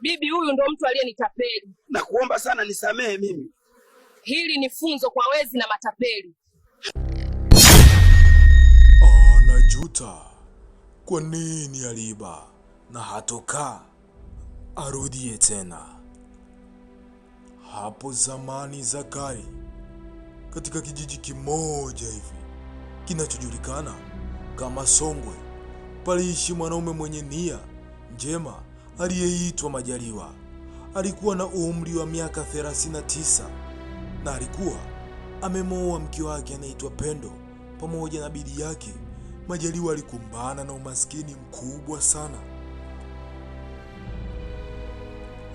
bibi huyu ndo mtu aliyenitapeli. Nakuomba sana nisamehe mimi. Hili ni funzo kwa wezi na matapeli. Anajuta kwa nini aliiba na hatoka arudie tena. Hapo zamani Zakari, katika kijiji kimoja hivi kinachojulikana kama Songwe, paliishi mwanaume mwenye nia njema aliyeitwa Majaliwa alikuwa na umri wa miaka 39 na alikuwa amemooa mke wake anaitwa Pendo pamoja na bibi yake. Majaliwa alikumbana na umaskini mkubwa sana.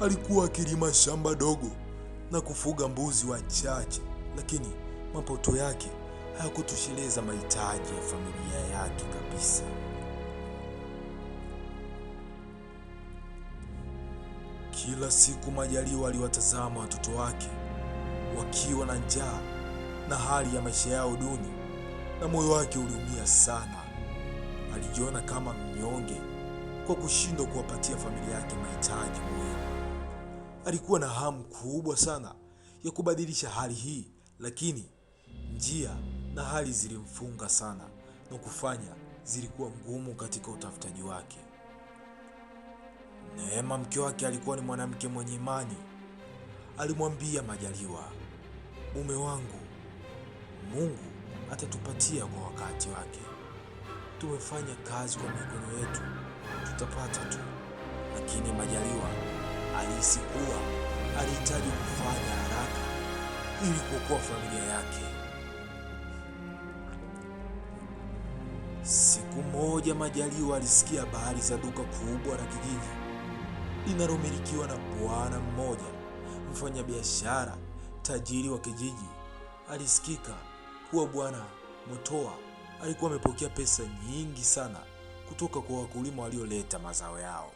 Alikuwa akilima shamba dogo na kufuga mbuzi wachache, lakini mapato yake hayakutosheleza mahitaji ya familia yake kabisa. Kila siku Majaliwa aliwatazama watoto wake wakiwa na njaa na hali ya maisha yao duni, na moyo wake uliumia sana. Alijiona kama mnyonge kwa kushindwa kuwapatia familia yake mahitaji muhimu. Alikuwa na hamu kubwa sana ya kubadilisha hali hii, lakini njia na hali zilimfunga sana na kufanya zilikuwa ngumu katika utafutaji wake. Neema mke wake alikuwa ni mwanamke mwenye imani. Alimwambia Majaliwa, mume wangu, Mungu atatupatia kwa wakati wake. Tumefanya kazi kwa mikono yetu, tutapata tu. Lakini Majaliwa alihisi kuwa alihitaji kufanya haraka ili kuokoa familia yake. Siku moja Majaliwa alisikia habari za duka kubwa la kijiji linalomilikiwa na bwana mmoja, mfanyabiashara tajiri wa kijiji. Alisikika kuwa bwana Motoa alikuwa amepokea pesa nyingi sana kutoka kwa wakulima walioleta mazao yao.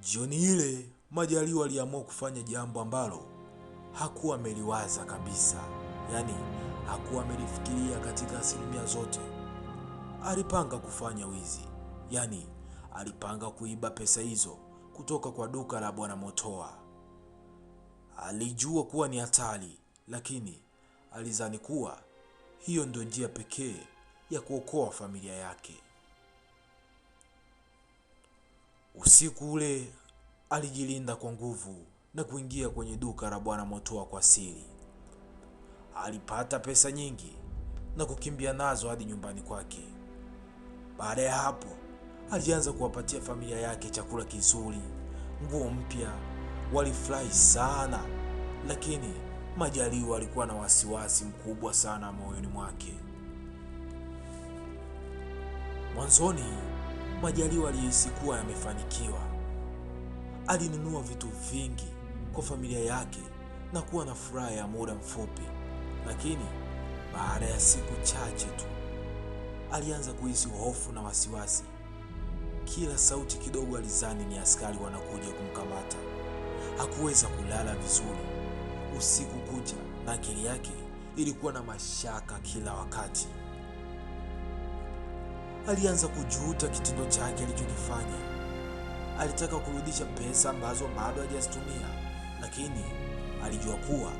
Jioni ile Majaliwa aliamua kufanya jambo ambalo hakuwa ameliwaza kabisa, yaani hakuwa amelifikiria katika asilimia zote. Alipanga kufanya wizi, yaani alipanga kuiba pesa hizo kutoka kwa duka la Bwana Motoa. Alijua kuwa ni hatari, lakini alizani kuwa hiyo ndio njia pekee ya kuokoa familia yake. Usiku ule alijilinda kwa nguvu na kuingia kwenye duka la Bwana Motoa kwa siri. Alipata pesa nyingi na kukimbia nazo hadi nyumbani kwake. Baada ya hapo alianza kuwapatia familia yake chakula kizuri, nguo mpya. Walifurahi sana, lakini Majaliwa alikuwa na wasiwasi mkubwa sana moyoni mwake. Mwanzoni Majaliwa alihisi kuwa yamefanikiwa. Alinunua vitu vingi kwa familia yake na kuwa na furaha ya muda mfupi, lakini baada ya siku chache tu alianza kuhisi hofu na wasiwasi kila sauti kidogo alizani ni askari wanakuja kumkamata. Hakuweza kulala vizuri usiku kucha, na akili yake ilikuwa na mashaka kila wakati. Alianza kujuta kitendo chake alichokifanya. Alitaka kurudisha pesa ambazo bado hajazitumia, lakini alijua kuwa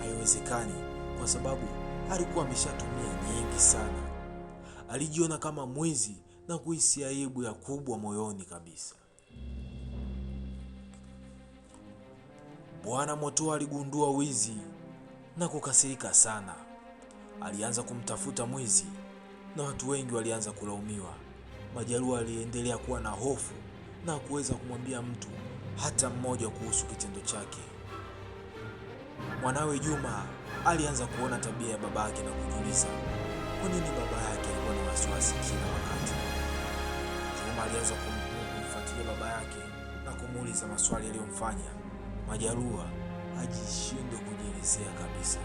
haiwezekani kwa sababu alikuwa ameshatumia nyingi sana. Alijiona kama mwizi na kuhisi aibu ya kubwa moyoni kabisa. Bwana Motoa aligundua wizi na kukasirika sana. Alianza kumtafuta mwizi na watu wengi walianza kulaumiwa. Majaruo aliendelea kuwa na hofu na kuweza kumwambia mtu hata mmoja kuhusu kitendo chake. Mwanawe Juma alianza kuona tabia ya babake na kujiuliza kwa nini baba yake alikuwa na wasiwasi alianza kumfuatilia baba yake na kumuuliza maswali yaliyomfanya Majarua ajishindwe kujielezea kabisa.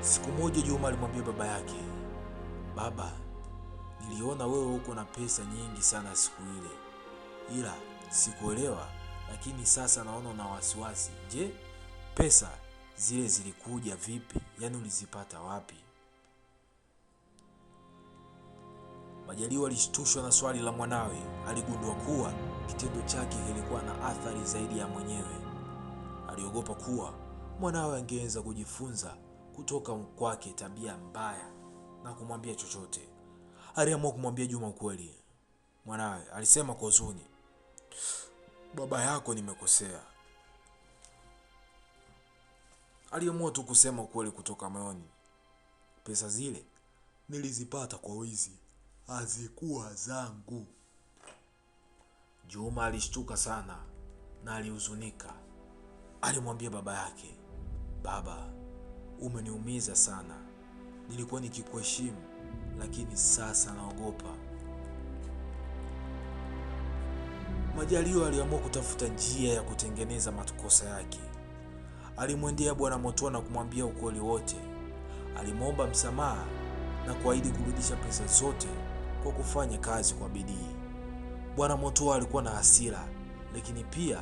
Siku moja Juma alimwambia baba yake, baba, niliona wewe uko na pesa nyingi sana siku ile, ila sikuelewa, lakini sasa naona una wasiwasi. Je, pesa zile zilikuja vipi? Yaani ulizipata wapi? Majaliwa alishtushwa na swali la mwanawe. Aligundua kuwa kitendo chake kilikuwa na athari zaidi ya mwenyewe. Aliogopa kuwa mwanawe angeweza kujifunza kutoka kwake tabia mbaya na kumwambia chochote. Aliamua kumwambia Juma ukweli. Mwanawe alisema kwa huzuni, baba yako nimekosea. Aliamua tu kusema ukweli kutoka moyoni, pesa zile nilizipata kwa wizi hazikuwa zangu. Juma alishtuka sana na alihuzunika. Alimwambia baba yake, baba, umeniumiza sana, nilikuwa nikikuheshimu, lakini sasa naogopa. Majaliwa aliamua kutafuta njia ya kutengeneza makosa yake. Alimwendea Bwana Motoa na kumwambia ukweli wote. Alimwomba msamaha na kuahidi kurudisha pesa zote kwa kufanya kazi kwa bidii. Bwana Motoa alikuwa na hasira, lakini pia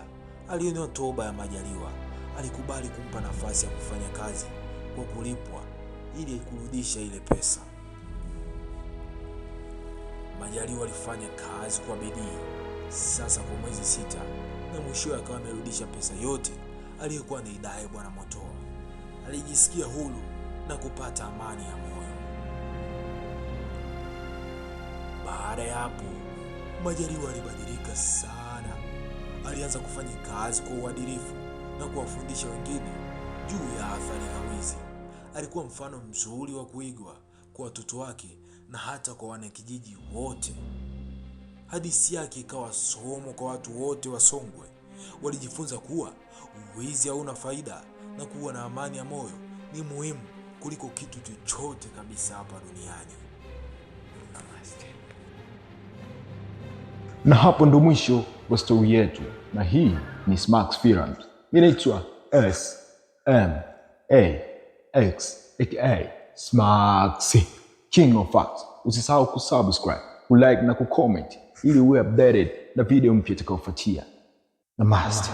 aliona toba ya Majaliwa. Alikubali kumpa nafasi ya kufanya kazi kwa kulipwa ili kurudisha ile pesa. Majaliwa alifanya kazi kwa bidii sasa kwa mwezi sita, na mwishowe akawa amerudisha pesa yote aliyokuwa anaidai Bwana Motoa. Alijisikia huru na kupata amani ya moyo. Baada ya hapo, Majaliwa alibadilika sana. Alianza kufanya kazi kwa uadilifu na kuwafundisha wengine juu ya athari ya wizi. Alikuwa mfano mzuri wa kuigwa kwa watoto wake na hata kwa wanakijiji wote. Hadithi yake ikawa somo kwa watu wote wa Songwe. Walijifunza kuwa wizi hauna faida na kuwa na amani ya moyo ni muhimu kuliko kitu chochote kabisa hapa duniani. Na hapo ndo mwisho wa stori yetu, na hii ni Smax Films. Mimi naitwa S M A X aka Smax King of Facts. Usisahau kusubscribe, kulike na kucomment ili uwe updated na video mpya itakayofuatia. Namaste.